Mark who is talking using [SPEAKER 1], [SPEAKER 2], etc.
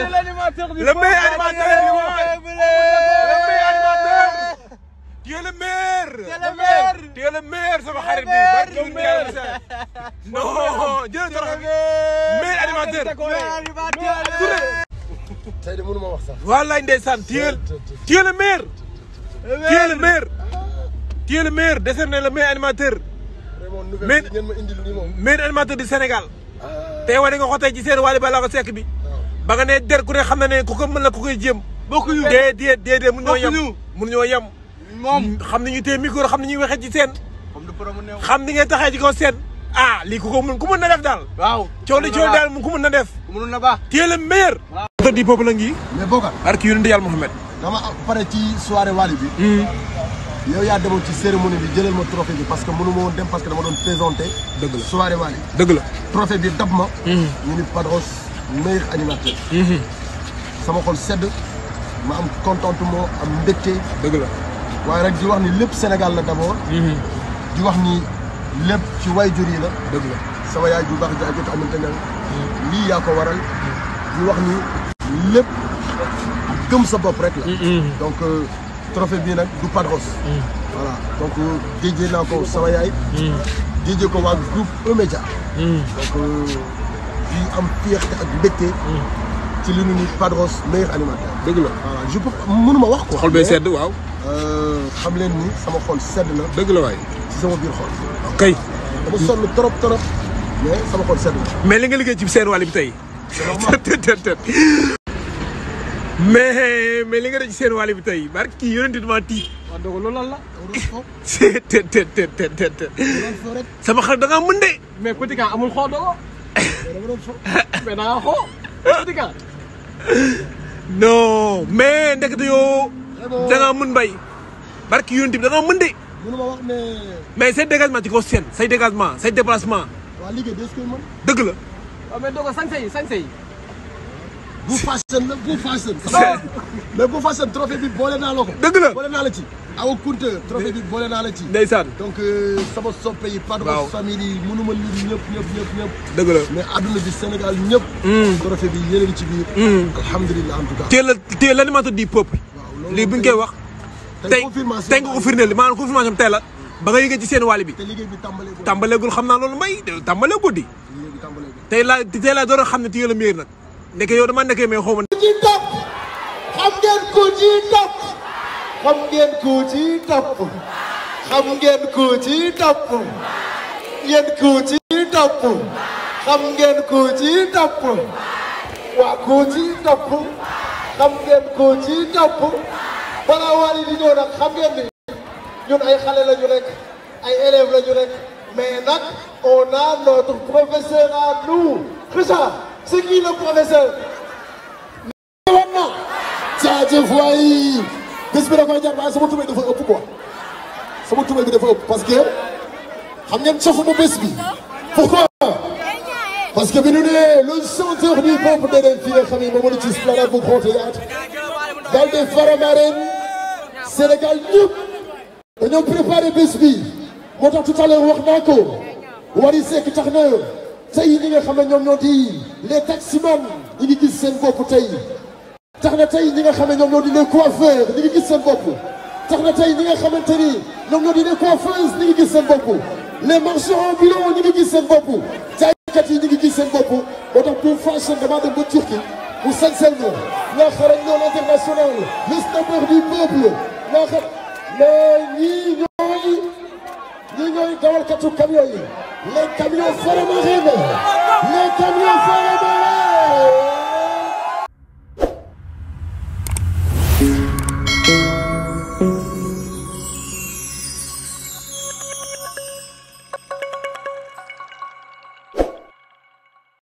[SPEAKER 1] animateur. Le meilleur animateur du monde. Le meilleur animateur. Tu es le animateur. Meilleur animateur. Tey de mënuma wax animateur. Vraiment nouvelle ngeen animateur du Sénégal. Tey wane nga ko tey ci seen Wally Ballago banga nga ne der ku ne xam na ne ku ko mën la ku koy jéem. bokkuñu déedéet déedéet mun ñoo yem mun ñoo yem. moom xam nañu téye micro xam nañuy waxee ci seen. xam ni ngay taxee ci kaw seen. ah lii ku ko mën ku mën def daal. waaw coow li coow daal mu def. mënul baax téye le meilleur. waaw di di peuple la ngi. mais bokkal. barke yonent Yàlla Muhammad. dama
[SPEAKER 2] pare ci soirée Wally bi. Hmm. yow yaa demoon ci cérémonie bi ma trophée bi parce que mënu ma woon dem parce que dama doon présenté. dëgg la soirée Wally. dëgg la trophée bi dab ma. Hmm. ñu Padros. meilleur animateur. Mhm. sama xol sedd ma am contentement am mbégte. dëgg la waaye rek di wax ni lépp Sénégal la d'abord. Mhm. di wax ni lépp ci waajur yi la. dëgg la sama yaay ju baax jaajëf amante na mhm. lii yaa ko waral. di wax ni lépp gëm sa bopp rek la. donc euh, trophée bii nag du Padros. voilà donc euh, déjee naa ko sama yaay. ko waa groupe E-Média. donc. Euh, dañuy am fierté ak mbégte. Mm. ci li ñu ni Padros meilleur animateur. dëgg la voilà je wax ko. xol bee sedd waaw. Euh, xam leen ni sama xool sedd na. dëgg la waay sama biir xol.
[SPEAKER 1] kay dama sonn trop trop mais sama xol sedd na. mais li nga liggéey seen wàll bi tey. mais mais li nga def ci seen bi tey barki yonent dama tiit. waaw dogal lan la. sama xel da ngaa mën de. mais Kouthika amul xoo non mais ndekete yoo. da ngaa mën bay barki yonent bi da ngaa mën de. mënuma wax mais. mais say dégagement ci kaw seen est-ce que mën. dëgg la.
[SPEAKER 2] bu façon la bu façon. mais bu façon trophée bi boole naa la ko. dëgg la boole naa la ci. awa Kunte trophée bi boole naa la ci. ndeysaan donc euh, sama soppe yi. waaw pardon famille yi mënuma lim ñëpp ñëpp ñëpp ñëpp. dëgg la mais adduna bi Sénégal ñëpp.
[SPEAKER 1] Hmm. trophée bi yéen ci biir. Hmm. alhamdulilah en tout cas. teel a teel l'animateur du peuple. waaw lii bu ñu koy wax. tey confirmation tey nga ko firndeel maanaam confirmation tey la. ba nga yëgee ci seen wàll bi. te liggéey bi tàmbaleegul. tàmbaleegul xam naa loolu may tàmbaleegul di. liggéey bi tàmbaleegul. tey laa tey laa door a xam ne téye la miir nag ndeke yow dama ndeke mais xaw ma. ku ci topp xam ngeen ku ci topp xam ngeen ku ci topp
[SPEAKER 2] xam ngeen ku ci topp yéen ku ci topp xam ngeen ku ci topp waa ku ci topp xam ngeen ku ci topp balaa waa lii di ñëw nag xam ngeen ni ñun ay xale la ñu rek ay élèves la ñu rek mais nag on a notre professeur à nous Richard. C'est qui le professeur wan na jaajëf waay bés bi da koy jar waaye sama tubéy dafa ëpp quoi sama tubéy bi dafa ëpp parce que xam ngeen safuma bés bi pourquoi parce que bi ñu ne le chanteur du peuple da fi nga xam ne moom la bu Grand Théâtre daal di Faramareen Sénégal ñëpp dañoo préparé bés bi moo tax tout à l'heure wax naa ko Wally Seck tax na tey ñi nga xam ne ñoom ñoo di les taximan ñi ngi gis seen bopp tey tax na tey ñi nga xam ne ñoom ñoo di les coiffeurs ñi ngi gis seen bopp tax na tey ñi nga xamante ni ñoom ñoo di les coiffeuses ñi ngi gis seen bopp les marchands ambulants ñi ngi gis seen bopp jaaykat yi ñi ngi gis seen bopp moo tax pour fashion dama dem ba Turquie mu sañsel ñu ñaa xarañ loolu international le snapper du peuple ñaa xam mais ñii ñooy dawalkatu camion yi les camions fermés les camions fermés